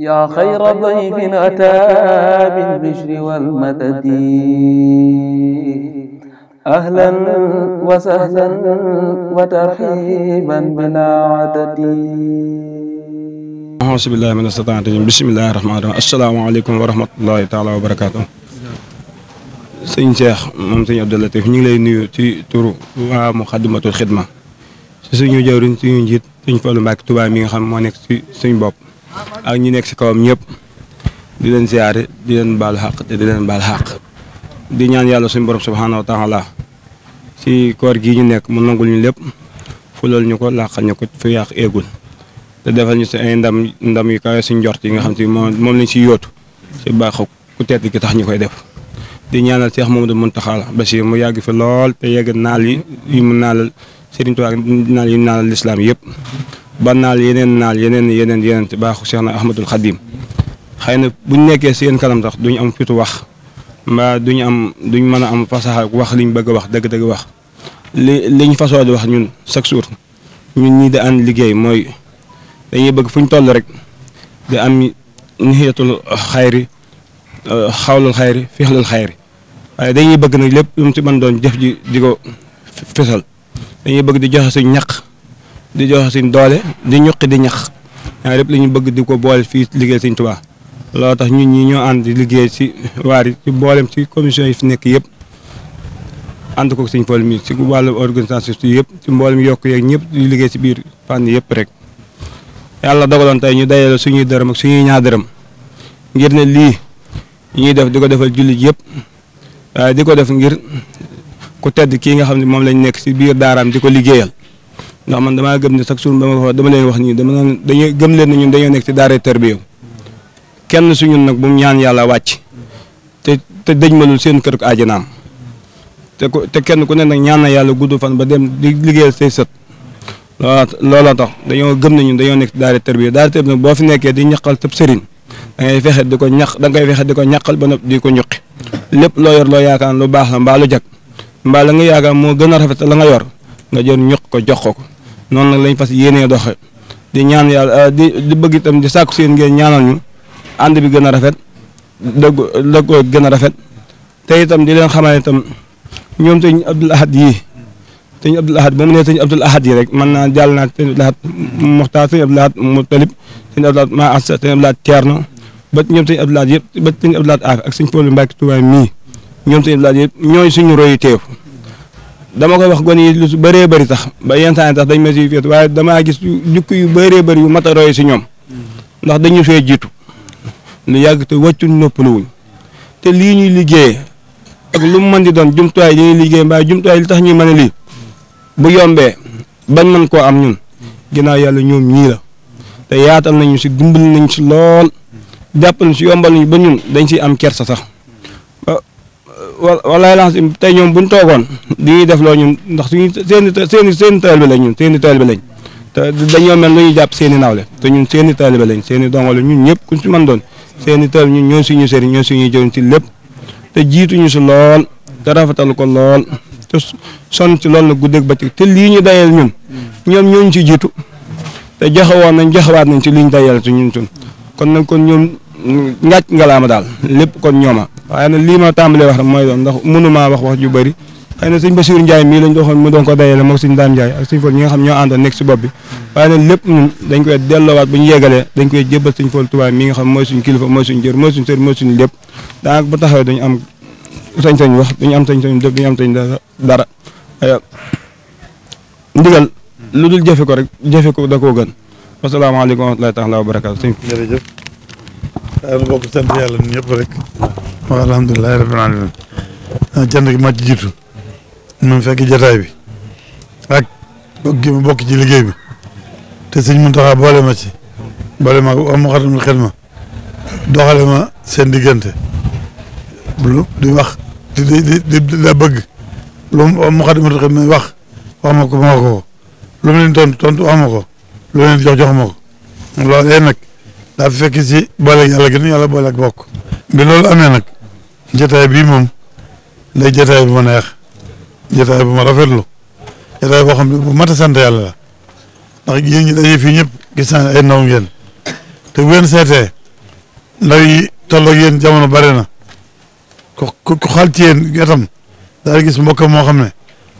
yaa xayra dayfin ataa bil bishri wal madadi ahlan wa sahlan wa tarhiiban bilaa adadi. auzu billaahi mina shaytaani rajiim bismillaahi rahmaani rahiim asalaamaaleykum wa rahmatulaahi taala wa barakaatu. sëñ Cheikh moom sëñ Abdou Latif ñu ngi lay nuyu ci turu waa Muxaddamatul Xidma si suñu jawriñ suñu njiit sëñ Fallou Mbacke Touba mi nga xam moo nekk si suñ bopp. ak ñu nekk si kawam ñëpp di leen ziare di leen baal xaq te di leen baal xaq di ñaan yàlla suñ borom subhaanahu wa taala si koor gii ñu nekk mu nangul ñu lépp fulal ñu ko làqal ñu ko fu yàq eegul te defal ñu si ndam ndam yu kawe si njort yi nga xam te moom lañ si yóotu si ku tedd gi tax ñu koy def di ñaanal Cheikh Mamadou Mountakha Bassirou mu yàgg fi lool te yegg naal yi yu mu naalal Serigne Touba yi naalal lislaam yëpp ba naal yeneen naal yeneen yeneen yeneen ci baaxu Cheikh na Ahmadul Xadim xëy na buñ nekkee seen kanam sax duñ am fitu wax mbaa duñ am duñ mën a am fasaxa wax liñ bëgg a wax dëgg-dëgg wax li liñ fasoo di wax ñun chaque jour ñun ñii da ànd liggéey mooy dañuy bëgg fu ñu toll rek di am nixiyatul xayri xawlul xayri fixlul xayri waaye dañuy bëgg nag lépp lu si man doon jëf ji di ko dañuy bëgg di joxe suñ ñaq di joxe suñ doole di ñuqi di ñax ñaar lépp li ñu bëgg di ko boole fii liggéey suñ Tuubaa loo tax ñun ñi ñoo ànd liggéey si waar yi ci boolem ci commission yi fi nekk yëpp ànd ko suñ fool mi si wàllu organisation si yëpp ci mboolem yokk yeeg ñëpp di liggéey si biir fànn yëpp rek yàlla dogaloon tey ñu dayale suñuy dërëm suñuy ñaa dërëm ngir ne lii ñuy def di ko defal jullit yëpp waaye di ko def ngir ku tedd kii nga xam ne moom lañ nekk si biir daaraam di ko liggéeyal ndax man damaa gëm ne sax suñu dama ko dama wax nii dama naan dañuy gëm leen ne ñun dañoo nekk ci daara tarbiya kenn suñu nag bu mu ñaan yàlla wàcc te te dëj malul seen kër àjjanaam te ku te kenn ku ne nag ñaan yàlla gudd fan ba dem di liggéeyal say sët loola loola tax dañoo gëm nañu dañoo nekk daara tarbiya daara tarbiya nag boo fi nekkee di ñaqal tëb sëriñ fexe di ko ñaq da ngay fexe di ko ñaqal ba noppi di ko ñuqi lépp loo yor loo yaakaar lu baax la mbaa lu jag mbaa la nga yaakaar moo gën a la nga yor nga jor ñuq ko jox ko noonu nag lañ fas yéenee doxe di ñaan yàlla di di bëgg itam di sàkku seen ngeen ñaanal ñu ànd bi gën a rafet dëgg dëggoo gën a rafet te itam di leen xamal itam ñoom sëñ Abdul Ahad yii sëñ Abdul Ahad ba mu ne sëñ yi rek man naa jàll naa sëñ Abdul Ahad Muxtaar sëñ Abdul Ahad Mutalib sëñ ba ñoom sëñ Abdul Ahad yëpp ba sëñ Abdul Ahad Aafi ak sëñ Pawlu Mbàkke Tuubaa mii ñoom sëñ Abdul Ahad yëpp ñooy suñu royu teew dama koy wax gone yi lu si bëree bëri tax ba yenn saa tax dañ ma siy féet waaye damaa gis jukk yu bëree bëri yu mat a roy si ñoom ndax dañu fee jiitu lu yàgg te wàccul noppaluwuñ te lii ñuy liggéey ak lu mu mën di doon jumtuwaay yi ñuy liggéey mbaa jumtuwaay li tax ñu man a lii bu yombee bañ mën koo am ñun ginnaaw yàlla ñoom ñiila te yaatal nañu si dimbali nañ si lool jàppal si yombal nañu ba ñun dañ siy am kersa sax walaay laxas im tey ñoom bu ñu toogoon di ñuy def loo ñun ndax suñu seen seen seen taalibe lañ ñun seen i taalibe lañ te dañoo mel ñuy jàpp seen i nawle te ñun seen i taalibe lañ seen i ñun ñëpp ku ci mën doon seen i taalibe ñun ñoo suñu sëriñ ñoo suñuy jëriñ ci lépp te jiituñu si lool te rafetal ko lool te son ci lool na guddeeg bëccëg te lii ñu dayal ñun ñoom ñooñu ci jiitu te nañ joxewaat nañ ci liñ dayal ci ñun sun kon nag kon ñoom mm, ngàcc ngalaama daal lépp kon ñooma waaye nag lii ma tàmbalee wax mooy doon ndax mënumaa wax wax ju bëri xëy na sëñ Bassirou Ndiaye mii lañ doxoon mu doon ko dajale moog sëñ Dame Ndiaye ak sëñ Fall ñi nga xam ñoo àndoon nekk dañ koy delloowaat bu ñu yegalee dañ mi nga xam mooy suñ kilifa mooy suñ jër mooy suñ sër mooy suñ bu taxawee dañu am sañ-sañ wax dañu am sañ-sañ def dañu am sañ dara ndigal lu dul jëfe ko rek jëfe ko da koo gën wasalaamaaleykum wa rahmatullahi taala wa barakaatu waaw nu bokk sant yàlla ñun ñëpp rek. Ah, mu fekk jataay bi. ak gi ma bokk ci liggéey bi. te sëñ Muntaxa boole ma ci. boole ma am xatumul xel ma. doxale ma seen diggante. di wax di di di di bëgg. lu mu am xatumul xel ma wax. wax ma ko ma ko. lu mu tontu tontu ma ko. lu leen jox jox ma ko. loolee nag. daa fekk ci booleeg yàlla gën yàlla booleeg bokk. bi loolu amee nag jotaay bii moom day jotaay bu ma neex jotaay bu ma rafetlu jotaay boo xam ne bu mat a sant yàlla la ndax yéen ñi daje fii ñëpp gis naa ne ay ngeen te bu ngeen seetee ndaw yi tolloog jamono bare na ku ku xal ci yéen itam daal gis mbokkam moo xam ne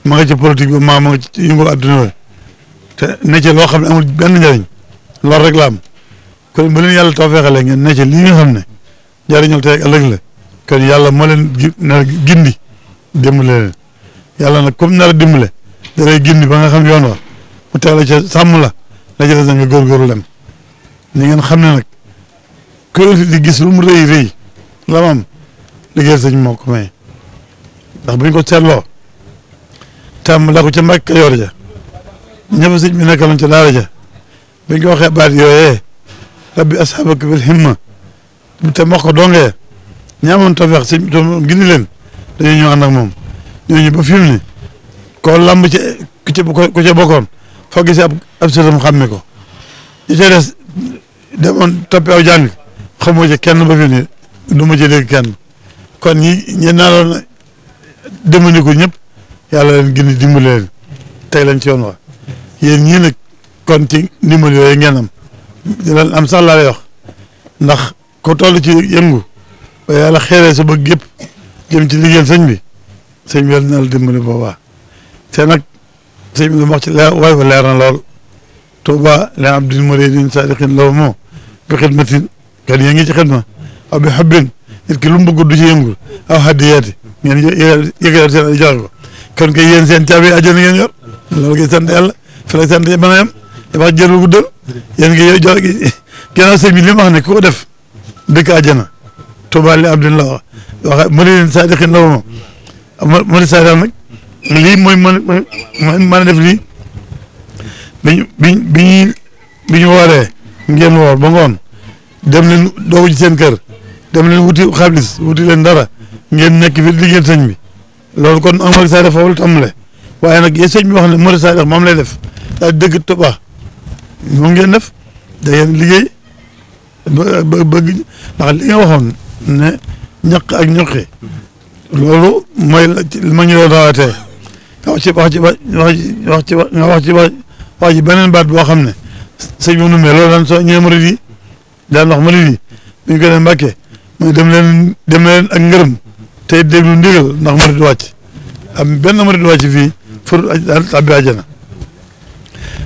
ma nga ci politique bi ma ma nga ci yëngu adduna te ne loo xam ne amul benn njëriñ loolu rek la am. kon bu leen yàlla tawfeexalee ngeen ne ci li xam ne jariñul tey ëllëg la yàlla moo leen nar gindi nag comme nar a dimbale da gindi ba nga xam yoon wa mu teg la ca sàmm la la ca des na nga góorgóorlu ni ngeen xam ne nag kuréel di gis lu mu rëy rëy la moom liggéeyal sëñ moo ko may ndax bu ñu ko seetloo tàmm la ko ca Mbàkke Kajoor ja ñëpp sëñ bi nekkaloon ca daara ja bu ñu ko waxee rabbi asxaabaka bil himma te wax ko dongee ñi si gindi leen dañoo ñëw ànd ak moom ñooñu ba fi mu ne koo lamb ci ku ca ku ca bokkoon foo gisee ab ab sëtam xàmme ko ñi ca des demoon toppi aw jàng xamoo ca kenn ba fi mu ne du ma kenn kon ñi ñi naaloon demandiku ñëpp yàlla leen gën a dimbali leen tey ci yoon wax yéen ñii kon ci ndimbal yooyu ngeen am dina am sax laa lay wax ndax ko toll ci yëngu ba yàlla xeeree sa bëgg yëpp jëm ci liggéeyal sëñ bi sëñ bi yàlla dina la dimbali boobaa te nag sëñ bi lu wax ci leer waay fa leer na lool Touba li abdin muridin sadiqin law bi xidmatin kan yee ngi ci xidma aw bi xubbin ki lu mu bëgg du ci yëngu aw hadiyaati ngeen yëgal seen ay joxe ko kon kay seen caabi àjjana ngeen yor loolu ngay sant yàlla fi la sant mën a yem wax jël guddal yéen ngi yow jox ginnaaw bi li wax ne ko def dëkk àjjana Tuubaa li abdin la wax waxa mëri saadiqin la moom mëri saadiq nag lii mooy mën mën a def lii biñ biñ biñu bi ñu wooree ngeen woor ba ngoon dem leen doogu ci seen kër dem leen wuti xaalis wuti leen dara ngeen nekk fi liggéeyal sëñ bi loolu kon amari saadiq foofu la tàmbalee waaye nag yéen sëñ bi wax ne mëri saadiq moom lay def daal dëgg Tuubaa moom ngeen def da ngeen liggéey ba ba bëgg ndax li nga waxoon ne ñaq ak ñoqe loolu mooy li ma ñu doon nga wax ci wax ci wax wax ci nga baat boo xam ne sëñ bi numee loolu daan soo ñëwee ma yi daan wax murid yi bu ñu ko dem mbàkkee mooy dem leen dem leen ak ngërëm te déglu ndigal ndax murid du wàcc am benn murid du wàcc fii pour daan tàbbi àjjana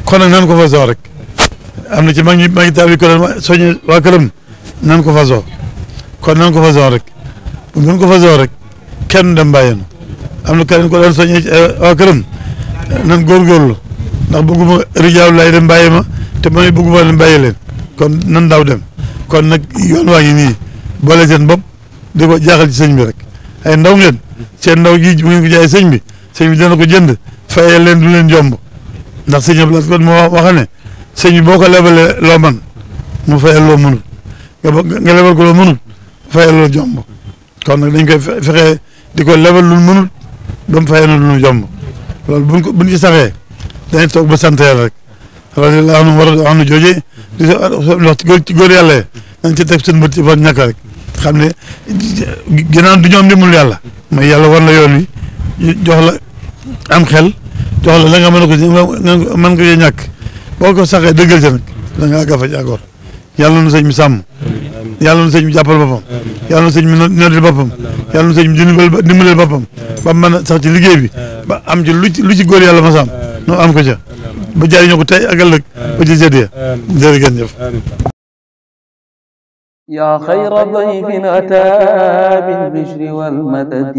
kon nag nan ko fa sax rek am na ci mag ñi mag ko doon soññee waa këram nan ko faso kon nan ko fasoo rek buñ ko fasoo rek kenn dem bàyyi na am na kenn ko doon soññee ci eh, waa këram nan góorgóorlu ndax bëgguma rijaalu laay dem bàyyi ma te man bëgguma dem bàyyi leen kon nan daaw dem kon nag yoon waa ngi nii boole seen bopp di ko jaaxal ci sëñ bi rek ay ndaw ngeen seen ndaw ji bu ngeen ko jaay sëñ bi sëñ bi dana ko jënd fayal leen du leen jomb ndax sëñ Abdoulaye kon moo waxa ne sëñ bi boo ko lebalee loo man mu fayal loo mënut nga nga lebal ko loo mënut mu loo jomb kon nag dañ koy fexe di ko lebal lu mënut ba mu fayal lu jomb loolu buñ ko buñ ci saxee dañuy toog ba sant yàlla rek radiyallahu anhu war a jooje di wax ci góor ci góor yàlla dañ ci teg seen bët ci fan ñàkk rek xam ne ginnaaw du ñoom dimul yàlla mooy yàlla war la yoon wi la am xel jox la la nga mën a ko mën ñàkk. boo ko saxee dëggal ca nag da ngaa gafa jaagoor yàlla na sëñ mi sàmm yàlla na sëñ mi jàppal boppam yàlla na sëñ mi noddil boppam yàlla na sëñ mi dimbal dimbaleel boppam ba mën a sax ci liggéey bi ba am ci lu ci lu ci góor yàlla ma sàmm noo am ko ca ba jariñoo ko tey ak ëllëg ba ci jëdee jërë ngeen jëf يا خير ضيف أتى بالبشر والمدد